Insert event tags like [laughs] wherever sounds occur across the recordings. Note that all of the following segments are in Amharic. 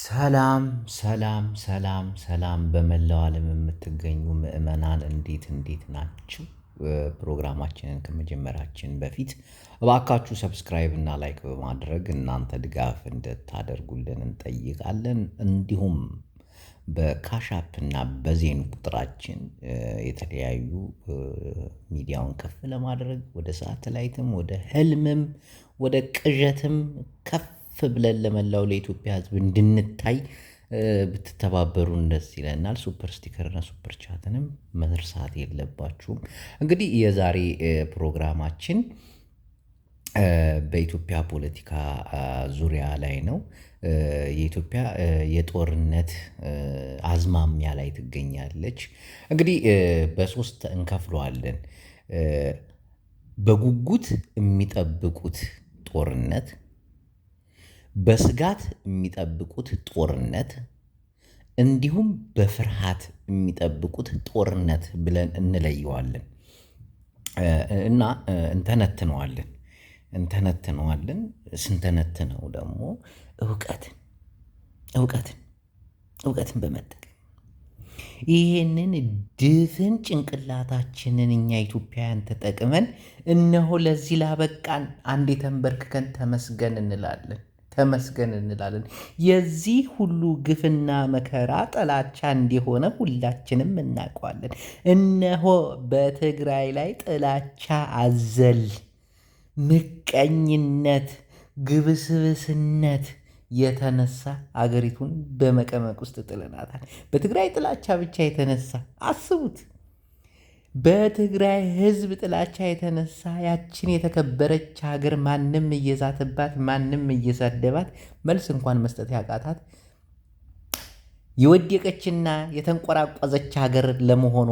ሰላም ሰላም ሰላም ሰላም በመላው ዓለም የምትገኙ ምዕመናን እንዴት እንዴት ናችሁ? ፕሮግራማችንን ከመጀመራችን በፊት እባካችሁ ሰብስክራይብ እና ላይክ በማድረግ እናንተ ድጋፍ እንድታደርጉልን እንጠይቃለን። እንዲሁም በካሻፕ እና በዜን ቁጥራችን የተለያዩ ሚዲያውን ከፍ ለማድረግ ወደ ሳተላይትም ወደ ህልምም ወደ ቅዠትም ከፍ ብለን ለመላው ለኢትዮጵያ ህዝብ እንድንታይ ብትተባበሩን ደስ ይለናል። ሱፐር ስቲከርና ሱፐር ቻትንም መርሳት የለባችሁም። እንግዲህ የዛሬ ፕሮግራማችን በኢትዮጵያ ፖለቲካ ዙሪያ ላይ ነው። የኢትዮጵያ የጦርነት አዝማሚያ ላይ ትገኛለች። እንግዲህ በሶስት እንከፍለዋለን። በጉጉት የሚጠብቁት ጦርነት በስጋት የሚጠብቁት ጦርነት እንዲሁም በፍርሃት የሚጠብቁት ጦርነት ብለን እንለየዋለን እና እንተነትነዋለን እንተነትነዋለን። ስንተነትነው ደግሞ እውቀትን እውቀትን እውቀትን በመጠቀም ይህንን ድፍን ጭንቅላታችንን እኛ ኢትዮጵያውያን ተጠቅመን እነሆ ለዚህ ላበቃን አንዴ ተንበርክከን ተመስገን እንላለን። ተመስገን እንላለን። የዚህ ሁሉ ግፍና መከራ ጥላቻ እንደሆነ ሁላችንም እናውቀዋለን። እነሆ በትግራይ ላይ ጥላቻ አዘል ምቀኝነት፣ ግብስብስነት የተነሳ አገሪቱን በመቀመቅ ውስጥ ጥለናታል። በትግራይ ጥላቻ ብቻ የተነሳ አስቡት። በትግራይ ህዝብ ጥላቻ የተነሳ ያችን የተከበረች ሀገር ማንም እየዛተባት ማንም እየሰደባት መልስ እንኳን መስጠት ያቃታት የወደቀችና የተንቆራቆዘች ሀገር ለመሆኗ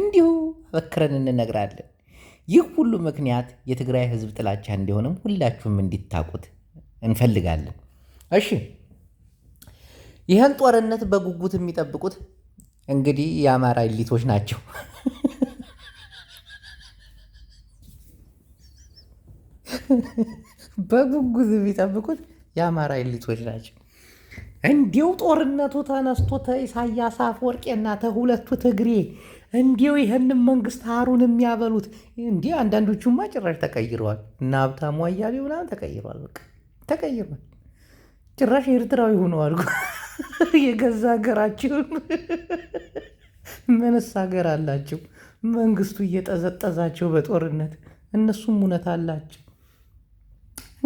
እንዲሁ በክረን እንነግራለን። ይህ ሁሉ ምክንያት የትግራይ ህዝብ ጥላቻ እንዲሆንም ሁላችሁም እንዲታቁት እንፈልጋለን። እሺ ይህን ጦርነት በጉጉት የሚጠብቁት እንግዲህ የአማራ ኢሊቶች ናቸው። በጉጉዝ የሚጠብቁት የአማራ ኢሊቶች ናቸው። እንዲው ጦርነቱ ተነስቶ ተኢሳያስ አፈወርቄና ተሁለቱ ትግሬ እንዲው ይህንም መንግስት ሀሩን የሚያበሉት እንዲ አንዳንዶቹማ ጭራሽ ተቀይረዋል። እና ሀብታሙ አያሌው ምናምን ተቀይረዋል። በቃ ተቀይረዋል። ጭራሽ ኤርትራዊ ሆነዋል። የገዛ ሀገራችሁን ምንስ ሀገር አላችሁ? መንግስቱ እየጠዘጠዛቸው በጦርነት እነሱም እውነት አላቸው።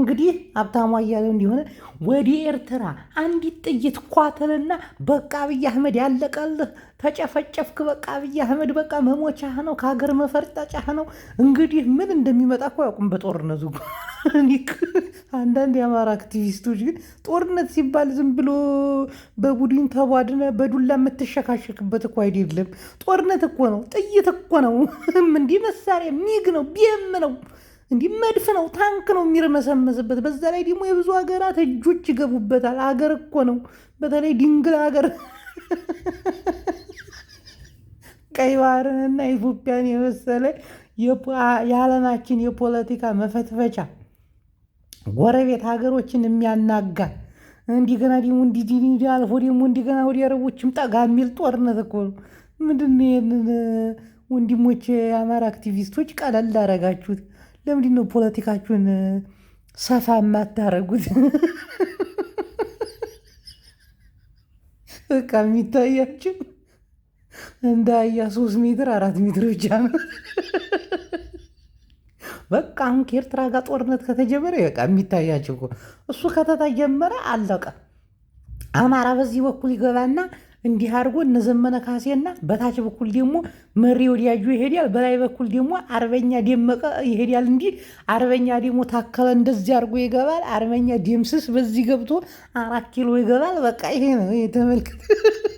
እንግዲህ ሀብታሙ አያሌው እንዲሆነ ወደ ኤርትራ አንዲት ጥይት ኳተልና በቃ አብይ አህመድ ያለቀልህ፣ ተጨፈጨፍክ፣ በቃ አብይ አህመድ በቃ መሞቻህ ነው፣ ከሀገር መፈርጠጫህ ነው። እንግዲህ ምን እንደሚመጣ እኮ ያውቁም በጦርነቱ። [laughs] አንዳንድ የአማራ አክቲቪስቶች ግን ጦርነት ሲባል ዝም ብሎ በቡድን ተቧድነ በዱላ የምትሸካሸክበት እኮ አይደለም። ጦርነት እኮ ነው፣ ጥይት እኮ ነው፣ [laughs] እንዲህ መሳሪያ ሚግ ነው፣ ቢም ነው እንዲህ መድፍ ነው፣ ታንክ ነው የሚርመሰመስበት። በዛ ላይ ደግሞ የብዙ ሀገራት እጆች ይገቡበታል። አገር እኮ ነው። በተለይ ድንግል ሀገር [laughs] ቀይ ባህርንና ኢትዮጵያን የመሰለ የዓለማችን የፖለቲካ መፈትፈቻ ጎረቤት ሀገሮችን የሚያናጋ እንዲገና ደግሞ እንዲዲ አልፎ ደግሞ እንዲገና ወደ አረቦችም ጠጋ የሚል ጦርነት እኮ ነው። ምንድን ይህንን ወንድሞች የአማራ አክቲቪስቶች ቀለል አደረጋችሁት። ለምንድን ነው ፖለቲካችሁን ሰፋ የማታረጉት? በቃ የሚታያችሁ እንደ አያ ሶስት ሜትር አራት ሜትር ብቻ ነው። በቃ አሁን ከኤርትራ ጋር ጦርነት ከተጀመረ በቃ የሚታያቸው እሱ ከተተጀመረ አለቀ። አማራ በዚህ በኩል ይገባና እንዲህ አድርጎ እነዘመነ ካሴና በታች በኩል ደግሞ መሪ ወዲያጁ ይሄዳል፣ በላይ በኩል ደግሞ አርበኛ ደመቀ ይሄዳል። እንዲህ አርበኛ ደግሞ ታከለ እንደዚህ አድርጎ ይገባል። አርበኛ ደምስስ በዚህ ገብቶ አራት ኪሎ ይገባል። በቃ ይሄ ነው ተመልክት። [laughs]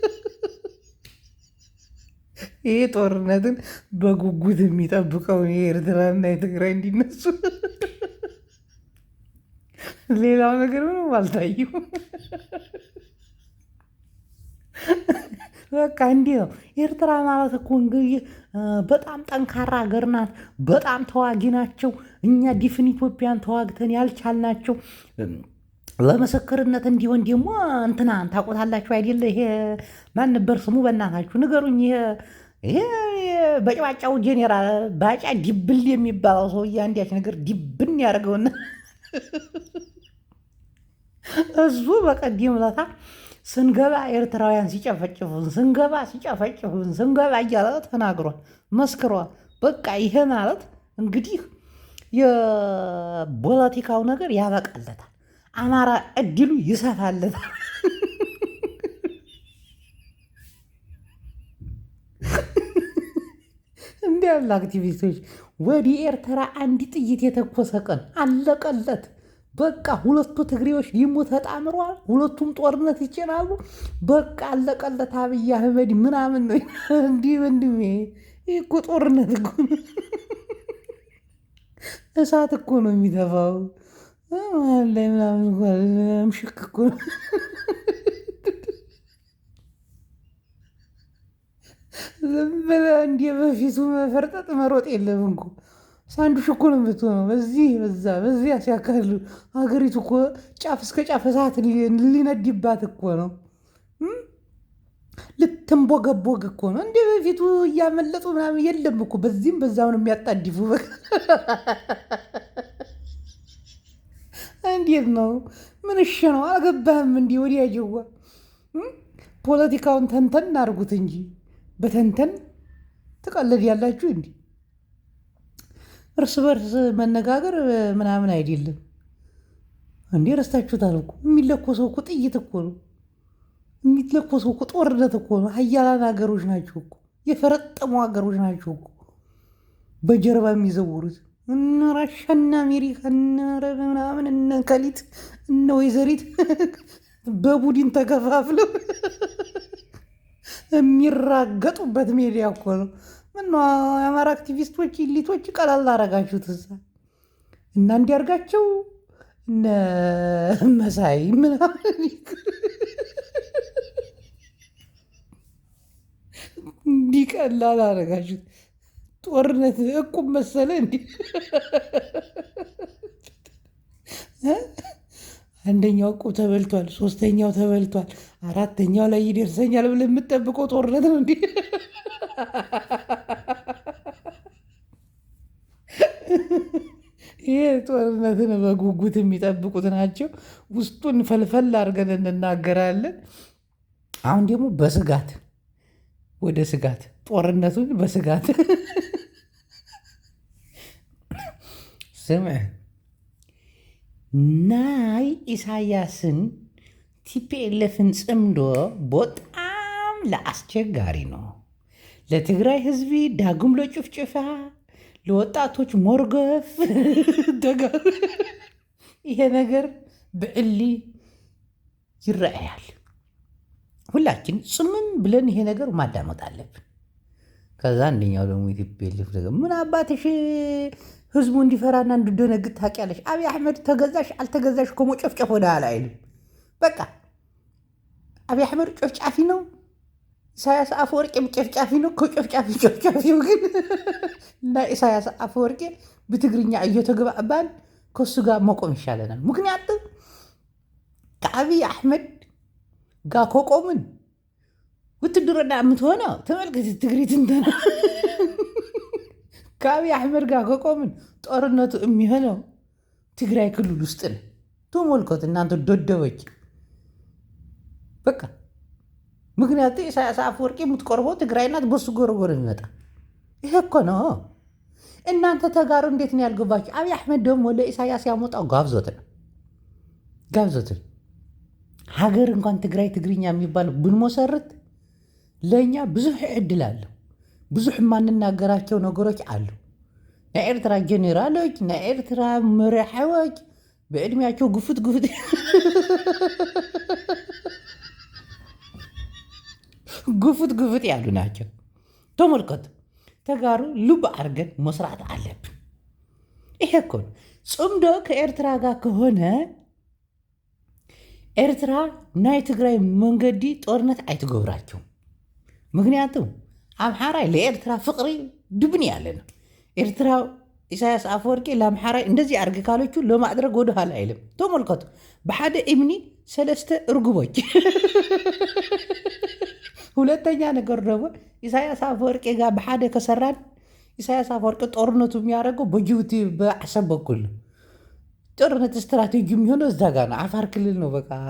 ይሄ ጦርነትን በጉጉት የሚጠብቀው የኤርትራና የትግራይ እንዲነሱ [laughs] ሌላው ነገር ምንም አልታየው። [laughs] በቃ እንዲህ ነው። ኤርትራ ማለት እኮ እንግዲህ በጣም ጠንካራ ሀገር ናት። በጣም ተዋጊ ናቸው። እኛ ዲፍን ኢትዮጵያን ተዋግተን ያልቻልናቸው ለምስክርነት እንዲሆን ደግሞ እንትና ታቆታላችሁ አይደለ? ይሄ ማን ነበር ስሙ? በእናታችሁ ንገሩኝ። ይሄ ይሄ በጭባጫው ጄኔራል ባጫ ዲብል የሚባለው ሰውዬ አንዲያች ነገር ዲብን ያደርገውና እሱ በቀዲም ለታ ስንገባ ኤርትራውያን ሲጨፈጭፉን፣ ስንገባ ሲጨፈጭፉን፣ ስንገባ እያለ ተናግሯል፣ መስክሯል። በቃ ይሄ ማለት እንግዲህ የፖለቲካው ነገር ያበቃለታል። አማራ እድሉ ይሰፋለታል። እንዲህ ያሉ አክቲቪስቶች ወደ ኤርትራ አንድ ጥይት የተኮሰ ቀን አለቀለት። በቃ ሁለቱ ትግሬዎች ሊሙ ተጣምረዋል። ሁለቱም ጦርነት ይጭናሉ። በቃ አለቀለት አብይ አህመድ ምናምን ነው። እንዲህ ወንድሜ ይህ እኮ ጦርነት እኮ እሳት እኮ ነው የሚተፋው ላይ ምናምን ምሽክ እኮ ነው ዝም ብለህ እንዲህ በፊቱ መፈርጠጥ መሮጥ የለም እኮ ሳንዱሽ እኮ ነው የምትሆነው። በዚህ በዛ በዚያ ሲያካሉ ሀገሪቱ እኮ ጫፍ እስከ ጫፍ እሳት ሊነድባት እኮ ነው። ልትንቦገቦግ እኮ ነው። እንደ በፊቱ እያመለጡ ምናምን የለም እኮ በዚህም በዛውን የሚያጣድፉ [laughs] እንዴት ነው? ምን ምንሽ ነው? አልገባህም? እንዲህ ወዲያ ጀዋ ፖለቲካውን ተንተን አድርጉት እንጂ በተንተን ትቀልድ ያላችሁ እንዲህ እርስ በርስ መነጋገር ምናምን አይደለም። እንዴ ረስታችሁታል እኮ የሚለኮሰው እኮ ጥይት እኮ ነው። የሚለኮሰው እኮ ጦርነት እኮ ነው። ሀያላን ሀገሮች ናቸው እኮ የፈረጠሙ ሀገሮች ናቸው እኮ በጀርባ የሚዘውሩት እነ ራሻ አሜሪካ እነ ረብ ምናምን እነ ከሊት እነ ወይዘሪት [laughs] በቡድን ተከፋፍለው [laughs] የሚራገጡበት ሜዲያ እኮ ነው። ምነው የአማራ አክቲቪስቶች ኢሊቶች ቀላል አረጋችሁት? እዛ እና እንዲያርጋቸው እነ መሳይ ምናምን እንዲህ ቀላል አረጋችሁት። ጦርነት እቁብ መሰለ እንዲህ አንደኛው እቁብ ተበልቷል፣ ሶስተኛው ተበልቷል፣ አራተኛው ላይ ይደርሰኛል ብለህ የምጠብቀው ጦርነት ነው እንዴ? ይህ ጦርነትን በጉጉት የሚጠብቁት ናቸው። ውስጡን ፈልፈል አድርገን እንናገራለን። አሁን ደግሞ በስጋት ወደ ስጋት ጦርነቱን በስጋት ስምህ ናይ ኢሳያስን ቲፒኤልኤፍን ጽምዶ በጣም ለአስቸጋሪ ነው። ለትግራይ ህዝቢ ዳግም ለጭፍጭፋ፣ ለወጣቶች ሞርገፍ [laughs] ደጋር ይሄ ነገር ብዕሊ ይረአያል። ሁላችን ጽምም ብለን ይሄ ነገር ማዳመጥ አለብን። ከዛ አንደኛው ደግሞ ኢቲፒኤልኤፍ ደግሞ ምን አባትሽ ህዝቡ እንዲፈራና እንዲደነግጥ ታውቂያለሽ? አብይ አሕመድ ተገዛሽ አልተገዛሽ እኮ መጨፍጨፍ ወደ ኋላ አይልም። በቃ አብይ አሕመድ ጨፍጫፊ ነው። ኢሳያስ አፈወርቄ ጨፍጫፊ ነው። ከጨፍጫፊ ጨፍጫፊው ግን [laughs] እና ኢሳያስ አፈወርቄ ብትግርኛ እየተግባባን ከሱ ጋር መቆም ይሻለናል። ምክንያቱም ከአብይ አሕመድ ጋር ከቆምን ውትድርና የምትሆነው ተመልከት። ትግሪ ትንተና ከአብይ አሕመድ ጋር ከቆምን ጦርነቱ የሚሆነው ትግራይ ክልል ውስጥ ነው። ተመልከት እናንተ ደደቦች። በቃ ምክንያቱ ኢሳያስ አፈወርቂ የምትቆርበው ትግራይ ናት። በሱ ጎረጎረ ይመጣ ይሄ እኮ ነው። እናንተ ተጋሩ እንዴት ነው ያልገባችሁ? አብይ አሕመድ ደግሞ ለኢሳያስ ያመጣው ጋብዞት ነው ጋብዞት ነው ሀገር እንኳን ትግራይ ትግርኛ የሚባል ብንመሰርት ለእኛ ብዙሕ ዕድል ኣሎ ብዙሕ የማንናገራቸው ነገሮች አሉ። ናይ ኤርትራ ጀኔራሎች፣ ናይ ኤርትራ መራሕዎች ብዕድሜያቸው ግፉት ግፉት [laughs] ግፉት ግፉት ያሉ ናቸው። ተመልከቱ፣ ተጋሩ ልብ አድርገን መስራት አለብን። ይሄ እኮ ጽምዶ ከኤርትራ ጋር ከሆነ ኤርትራ ናይ ትግራይ መንገዲ ጦርነት አይትገብራቸውም። ምክንያቱም ኣምሓራይ ለኤርትራ ፍቕሪ ድብኒ ኣለና ኤርትራ ኢሳያስ ኣፈወርቂ ለኣምሓራይ እንደዚ ኣርጊ ካሎቹ ለማድረግ ወደኋላ ኢለም ተመልከቱ ብሓደ እምኒ ሰለስተ እርጉቦች [laughs] ሁለተኛ ነገር ደሞ ኢሳያስ አፈወርቂ ጋር ብሓደ ከሰራን ኢሳያስ አፈወርቂ ጦርነቱ የሚያደርገው በጅቡቲ በዓሰብ በኩል ጦርነት ስትራቴጂ የሚሆነው እዛ ጋ ነው ዓፋር ክልል ነው በቃ [laughs]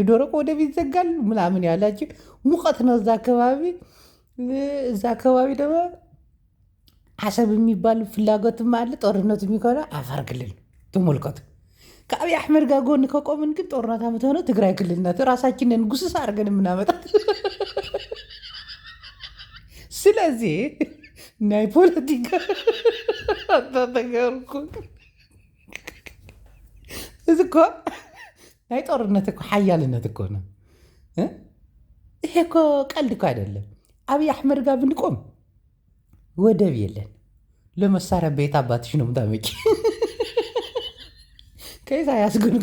የደረቀ ወደብ ይዘጋል ምናምን ያላችሁ ሙቀት ነው እዛ አካባቢ። እዛ አካባቢ ደግሞ አሰብ የሚባል ፍላጎትም አለ። ጦርነቱ የሚከሆነ አፋር ክልል ተመልከቱ። ከአብይ አሕመድ ጋር ጎን ከቆምን ግን ጦርነት የምትሆነው ትግራይ ክልል ናት። ራሳችንን ጉስስ አድርገን የምናመጣት ስለዚህ ናይ ፖለቲካ አታተገርኩ እዚ እኮ ናይ ጦርነት እኮ ሓያልነት እኮ ነው። ይሄ እኮ ቀልድ እኮ አይደለም። አብይ አሕመድ ጋር ብንቆም ወደብ የለን። ለመሳሪያ ቤት አባትሽ ነው ምታመጪ [laughs] ከኢሳያስ ግን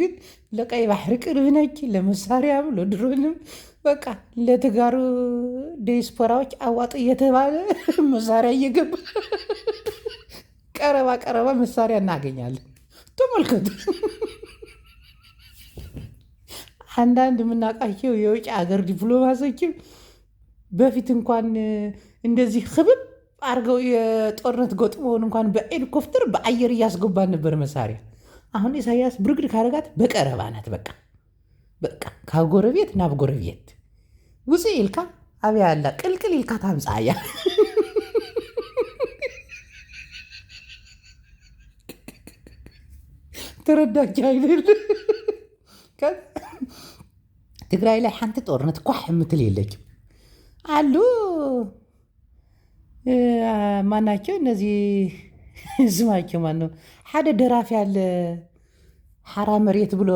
ግን ለቀይ ባሕሪ ቅርብ ነች። ለመሳሪያም ለድሮንም በቃ ለተጋሩ ዲያስፖራዎች አዋጥ እየተባለ [laughs] መሳሪያ እየገባ [laughs] ቀረባ ቀረባ መሳሪያ እናገኛለን። ተመልከቱ። አንዳንድ የምናውቃቸው የውጭ ሀገር ዲፕሎማቶችም በፊት እንኳን እንደዚህ ክብብ አድርገው የጦርነት ገጥሞውን እንኳን በሄሊኮፕተር በአየር እያስገባን ነበር መሳሪያ። አሁን ኢሳያስ ብርግድ ካረጋት በቀረባ ናት። በቃ በቃ ካብ ጎረቤት ናብ ጎረቤት ውፅ ኢልካ አብያ ኣላ ቅልቅል ኢልካ ታምፃያ እያ ተረዳጃ ይብል ትግራይ ላይ ሓንቲ ጦርነት ኳሕ ምትል የለችም አሉ ማናቸው እነዚህ ስማቸው ማን ነው? ሓደ ደራፊ አለ ሓራ መሬት ብሎ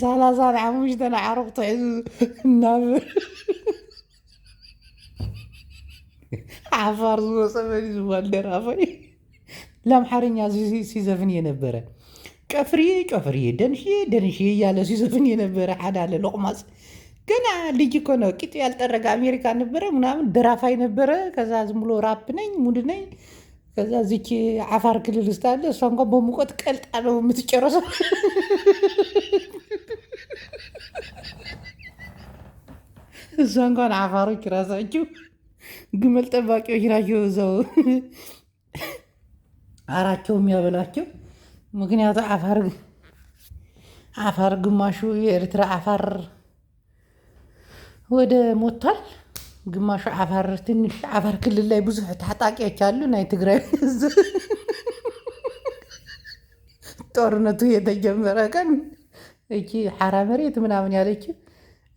ሳላሳን ሓሙሽተን ዓረቕቶ ሒዙ ናብ ዓፋር ዝወፀበኒ ዝባል ደራፋይ ለአምሐረኛ ሲዘፍን የነበረ ቀፍርዬ ቀፍርዬ ደንሽዬ ደንሽዬ እያለ ሲዘፍን የነበረ ሓደ አለ ገና ልጅ እኮ ነው። ቂጡ ያልጠረገ አሜሪካ ነበረ ምናምን ደራፋይ ነበረ። ከዛ ዝም ብሎ ራፕ ነኝ ሙድ ነኝ። ከዛ ዚች አፋር ክልል ውስጥ አለ እሷ እንኳን በሙቀት ቀልጣ ነው የምትጨረሰው። እሷ እንኳን አፋሮች ራሳቸው ግመል ጠባቂዎች ናቸው እዛው አራቸው የሚያበላቸው ምክንያቱ አፋር አፋር ግማሹ የኤርትራ አፋር ወደ ሞቷል። ግማሹ አፋር ትንሽ አፋር ክልል ላይ ብዙሕ ታጣቂዎች አሉ። ናይ ትግራይ ጦርነቱ የተጀመረ ቀን እቺ ሓራ መሬት ምናምን ያለች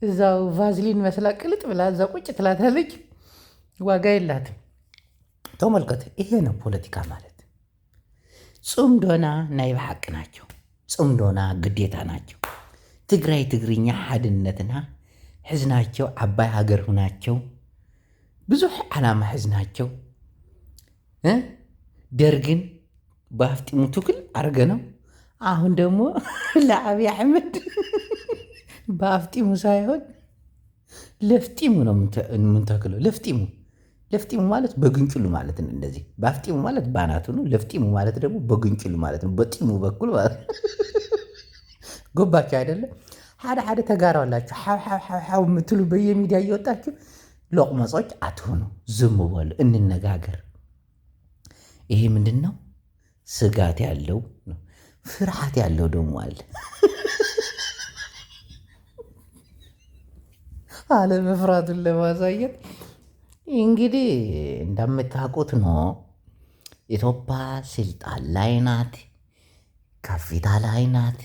እዛው ቫዝሊን መስላ ቅልጥ ብላ እዛ ቁጭ ትላታለች። ዋጋ የላትም። ተመልከት፣ ይሄ ነው ፖለቲካ ማለት ጹም ዶና ናይ ብሓቂ ናቸው። ጹም ዶና ግዴታ ናቸው። ትግራይ ትግርኛ ሓድነትና ሕዝናቸው ዓባይ ሃገር ሁናቸው ብዙሕ ዓላማ ሕዝናቸው ደርግን ባፍጢሙ ትክል ኣርገኖም አሁን ደግሞ [laughs] ለአብይ ኣሕመድ [laughs] ባፍጢሙ ሳይሆን ለፍጢሙ ነው የምንተክለው ለፍጢሙ ለፍጢሙ ማለት በግንጭሉ ማለት ነው። እንደዚህ በአፍጢሙ ማለት ባናቱ ነው። ለፍጢሙ ማለት ደግሞ በግንጭሉ ማለት ነው። በጢሙ በኩል ማለት ጎባቸው አይደለም? ሓደ ሓደ ተጋራዋላችሁ ሓውሓውሓው የምትሉ በየሚዲያ እየወጣችሁ ሎቅመጾች አትሆኑ። ዝም በሉ፣ እንነጋገር። ይሄ ምንድን ነው? ስጋት ያለው ነው። ፍርሃት ያለው ደግሞ አለ። አለመፍራቱን ለማሳየት እንግዲህ እንደምታውቁት ነው ኢትዮጵያ ስልጣን ላይ ናት፣ ከፍታ ላይ ናት።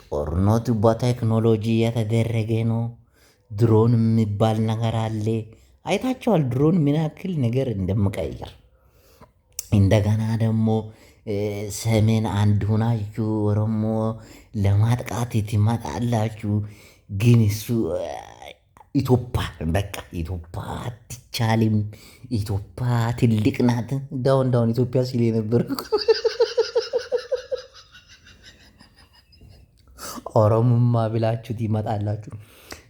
ጦርነት በቴክኖሎጂ የተደረገ ነው። ድሮን የሚባል ነገር አለ። አይታቸዋል። ድሮን ምን ያክል ነገር እንደምቀይር እንደገና ደግሞ ሰሜን አንድ ሁናችሁ ኦሮሞ ለማጥቃት ትመጣላችሁ። ግን እሱ ኢትዮጵያ በቃ ኢትዮጵያ አይቻልም። ኢትዮጵያ ትልቅ ናት። ዳውን ዳውን ኢትዮጵያ ሲል የነበረ ኦሮሞማ ብላችሁ ይመጣላችሁ።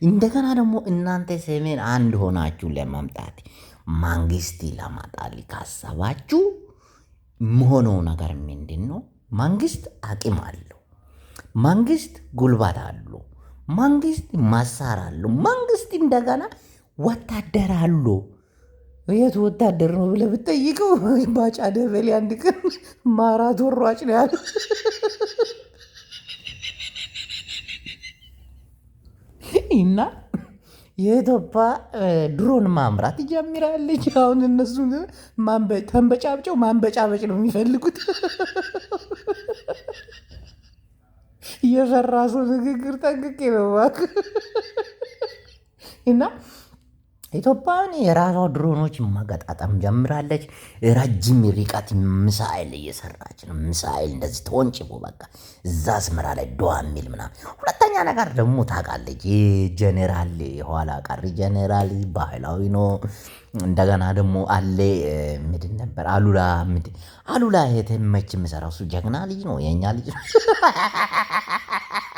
እንደገና ደግሞ እናንተ ሰሜን አንድ ሆናችሁ ለመምጣት መንግስት ለማጣል ካሰባችሁ መሆነው ነገር ምንድን ነው? መንግስት አቅም አለው። መንግስት ጉልባት አለው። መንግስት ማሳር አለው። መንግስት እንደገና ወታደር አለው። የት ወታደር ነው ብለህ ብትጠይቀው ባጫ ደበሌ አንድ ቀን ማራቶን ሯጭ ነው ያለ። እና የኢትዮጵያ ድሮን ማምራት ትጀምራለች። አሁን እነሱ ተንበጫብጨው ማንበጫበጭ ነው የሚፈልጉት። የፈራሱ ንግግር ጠንቅቄ ነው እና ኢትዮጵያን የራሷ ድሮኖች ማገጣጠም ጀምራለች። ረጅም ርቀት ሚሳኤል እየሰራች ነው። ሚሳኤል እንደዚህ ተወንጭፎ በቃ እዛ አስመራ ላይ ዶዋ የሚል ምናምን። ሁለተኛ ነገር ደግሞ ታውቃለች፣ ጀኔራል የኋላ ቀሪ ጀኔራል ባህላዊ ነው። እንደገና ደግሞ አሌ ምድን ነበር አሉላ ምድ አሉላ የተመች የምሰራው እሱ ጀግና ልጅ ነው፣ የእኛ ልጅ ነው። [laughs]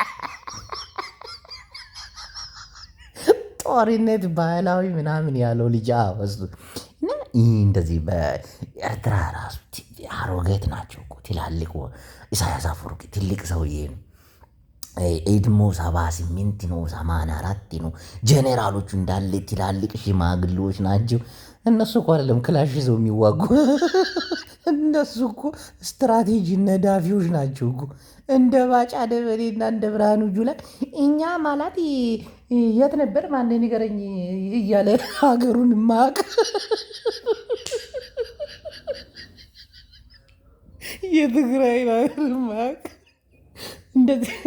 ጦርነት ባህላዊ ምናምን ያለው ልጅ እሱ እና እንደዚህ በኤርትራ ራሱ አሮጌት ናቸው እኮ ትላልቅ ኢሳያስ አፈወርቂ ትልቅ ሰውዬ ነው። ኤድሞ ሰባ ስምንት ነው ሰማንያ አራት ነው። ጄኔራሎቹ እንዳለ ትላልቅ ሽማግሌዎች ናቸው። እነሱ እኮ አይደለም ክላሽ ይዘው የሚዋጉ [laughs] እነሱ እኮ ስትራቴጂ ነዳፊዎች ናቸው እኮ እንደ ባጫ ደበሌና እንደ ብርሃኑ ጁላ እኛ ማለት የት ነበር ማን ንገረኝ እያለ ሀገሩን ማቅ የትግራይ ሀገር ማቅ እንደዚህ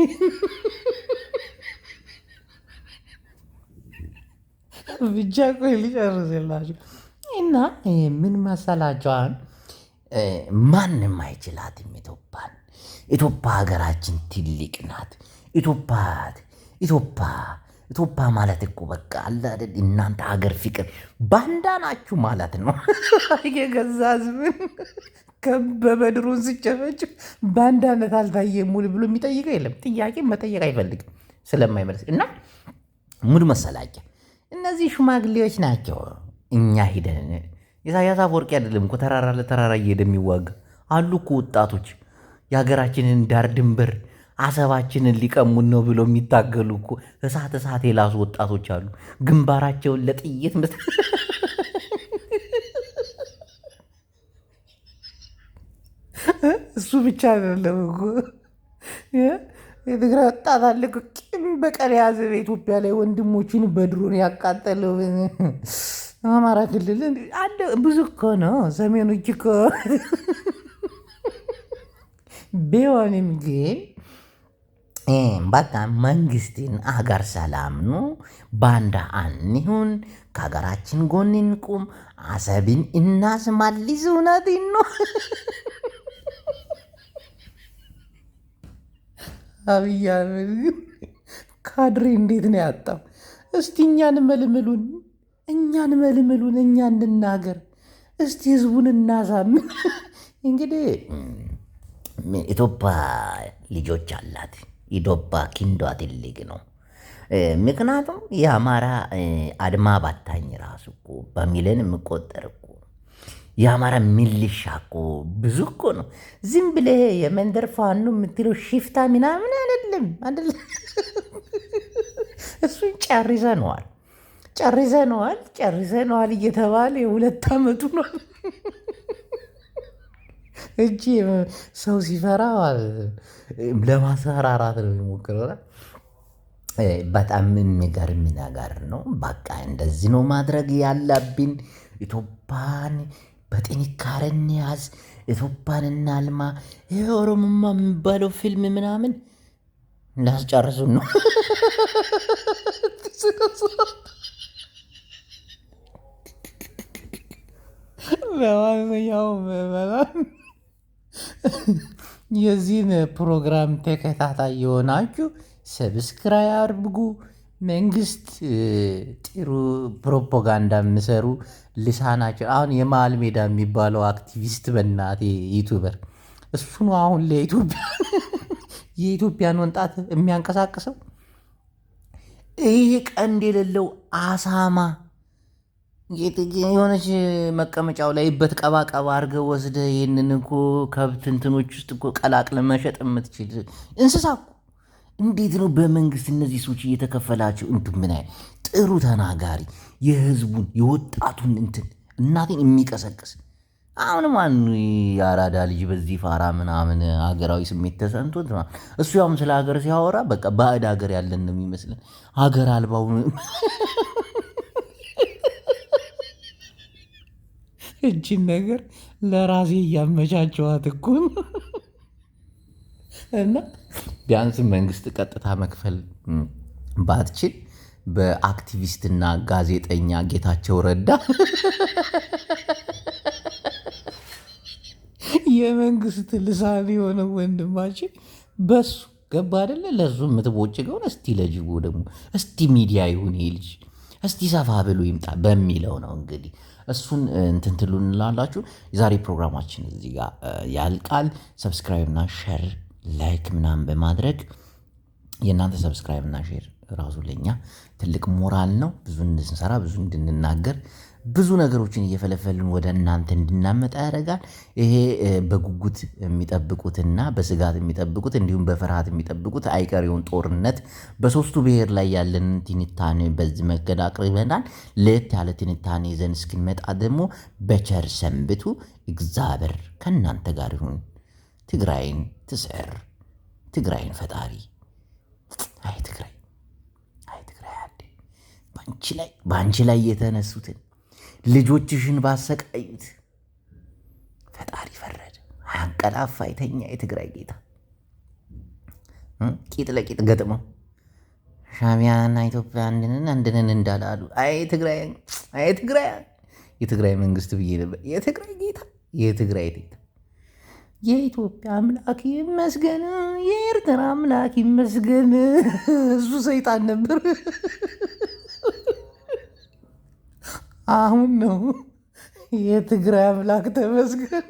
ብቻ ቆይ ልጨርስላችሁ እና ምን መሰላቸዋን ማንም አይችላትም ኢትዮጵያን። ኢትዮጵያ ሀገራችን ትልቅ ናት። ኢትዮጵያ ኢትዮጵያ ኢትዮጵያ ማለት እኮ በቃ አለ አይደል እናንተ ሀገር ፍቅር ባንዳ ናችሁ ማለት ነው። [laughs] የገዛ ህዝብን ከበበ ድሮን ባንዳነት አልታየ ሙሉ ብሎ የሚጠይቀ የለም። ጥያቄ መጠየቅ አይፈልግም ስለማይመለስ እና ሙድ መሰላቸው እነዚህ ሽማግሌዎች ናቸው። እኛ ሂደን ኢሳያስ አፈወርቂ አይደለም እኮ ተራራ ለተራራ እየሄደ የሚዋጋ አሉ እኮ ወጣቶች የሀገራችንን ዳር ድንበር አሰባችንን ሊቀሙን ነው ብሎ የሚታገሉ እኮ እሳት እሳት የላሱ ወጣቶች አሉ። ግንባራቸውን ለጥይት እሱ ብቻ አይደለም እኮ የትግራይ ወጣት አለ እኮ ቂም በቀል የያዘ በኢትዮጵያ ላይ ወንድሞችን በድሮን ያቃጠለው አማራ ክልል አለ። ብዙ እኮ ነው። ሰሜኖች እኮ ቢሆንም ግን በቃ መንግስትን አገር ሰላም ኑ ባንዳ አንሁን፣ ከሀገራችን ጎን እንቁም፣ አሰብን እናስመልስ። እውነቴን ነው። አብይ አህመድ ካድሬ እንዴት ነው ያጣው? እስቲ እኛን መልምሉን፣ እኛን መልምሉን፣ እኛ እንናገር እስቲ፣ ህዝቡን እናሳምን። እንግዲህ ኢትዮጵያ ልጆች አላት ኢዶባ ኪንዷ ትልቅ ነው። ምክንያቱም የአማራ አድማ ባታኝ ራሱ እኮ በሚሊዮን የሚቆጠር እኮ የአማራ ሚሊሻ እኮ ብዙ እኮ ነው። ዝም ብለህ የመንደር ፋኑ የምትለው ሽፍታ ምናምን አይደለም አይደለም። [laughs] እሱን ጨርሰነዋል ጨርሰነዋል ጨርሰነዋል እየተባለ የሁለት ዓመቱ ነው። እጄ ሰው ሲፈራ ለማስፈራራት ነው የሚሞክረው። በጣም የሚገርም ነገር ነው። በቃ እንደዚህ ነው ማድረግ ያለብን። ኢትዮጵያን በጥንካሬ እንያዝ፣ ኢትዮጵያን እናልማ። ይህ ኦሮሞማ የሚባለው ፊልም ምናምን እንዳስጨርሱ ነው ለማንኛውም [laughs] የዚህን ፕሮግራም ተከታታይ የሆናችሁ ሰብስክራይ አድርጉ። መንግስት ጥሩ ፕሮፓጋንዳ የምሰሩ ልሳናቸው አሁን የመሃል ሜዳ የሚባለው አክቲቪስት በእናቴ ዩቱበር እሱ ነው አሁን ለኢትዮጵያ [laughs] የኢትዮጵያን ወንጣት የሚያንቀሳቅሰው ይህ ቀንድ የሌለው አሳማ የሆነች መቀመጫው ላይ በትቀባቀባ አድርገህ ወስደ ይህንን እኮ ከብት እንትኖች ውስጥ እኮ ቀላቅለህ መሸጥ የምትችል እንስሳ እኮ እንዴት ነው በመንግስት እነዚህ ሰዎች እየተከፈላቸው እንትን ምን ጥሩ ተናጋሪ የህዝቡን የወጣቱን እንትን እናቴን የሚቀሰቅስ አሁን ማኑ የአራዳ ልጅ በዚህ ፋራ ምናምን ሀገራዊ ስሜት ተሰምቶት እሱ ያውም ስለ ሀገር ሲያወራ በቃ ባዕድ ሀገር ያለን ነው የሚመስለን ሀገር አልባው እጅን ነገር ለራሴ እያመቻቸዋት እኮ እና ቢያንስ መንግስት ቀጥታ መክፈል ባትችል በአክቲቪስትና ጋዜጠኛ ጌታቸው ረዳ የመንግስት ልሳን የሆነ ወንድማችን በሱ ገባ አደለ? ለሱ የምትቦጭቀውን እስቲ ለጅቦ ደግሞ እስቲ ሚዲያ ይሁን ይህ ልጅ እስቲ ሰፋ ብሎ ይምጣ በሚለው ነው እንግዲህ እሱን እንትን እንላላችሁ የዛሬ ፕሮግራማችን እዚህ ጋር ያልቃል። ሰብስክራይብና ሸር ላይክ ምናምን በማድረግ የእናንተ ሰብስክራይብና ሼር ራሱ ለኛ ትልቅ ሞራል ነው። ብዙ እንድንሰራ ብዙ እንድንናገር ብዙ ነገሮችን እየፈለፈልን ወደ እናንተ እንድናመጣ ያደርጋል። ይሄ በጉጉት የሚጠብቁትና በስጋት የሚጠብቁት እንዲሁም በፍርሃት የሚጠብቁት አይቀሬውን ጦርነት በሶስቱ ብሔር ላይ ያለን ትንታኔ በዚህ መንገድ አቅርበናል። ለየት ያለ ትንታኔ ይዘን እስክንመጣ ደግሞ በቸር ሰንብቱ። እግዚአብሔር ከእናንተ ጋር ይሁን። ትግራይን ትስዕር፣ ትግራይን ፈጣሪ። አይ ትግራይ፣ አይ ትግራይ፣ በአንቺ ላይ በአንቺ ላይ የተነሱትን ልጆችሽን ባሰቃዩት ፈጣሪ ፈረደ። አንቀላፋ የተኛ የትግራይ ጌታ ቂጥ ለቂጥ ገጥመው ሻቢያና ኢትዮጵያ አንድንን አንድንን እንዳላሉ አይ ትግራይ አይ ትግራይ የትግራይ መንግስት ብዬ ነበር። የትግራይ ጌታ የትግራይ ጌታ የኢትዮጵያ አምላክ ይመስገን፣ የኤርትራ አምላክ ይመስገን። እሱ ሰይጣን ነበር። አሁን ነው የትግራይ አምላክ ተመስገን።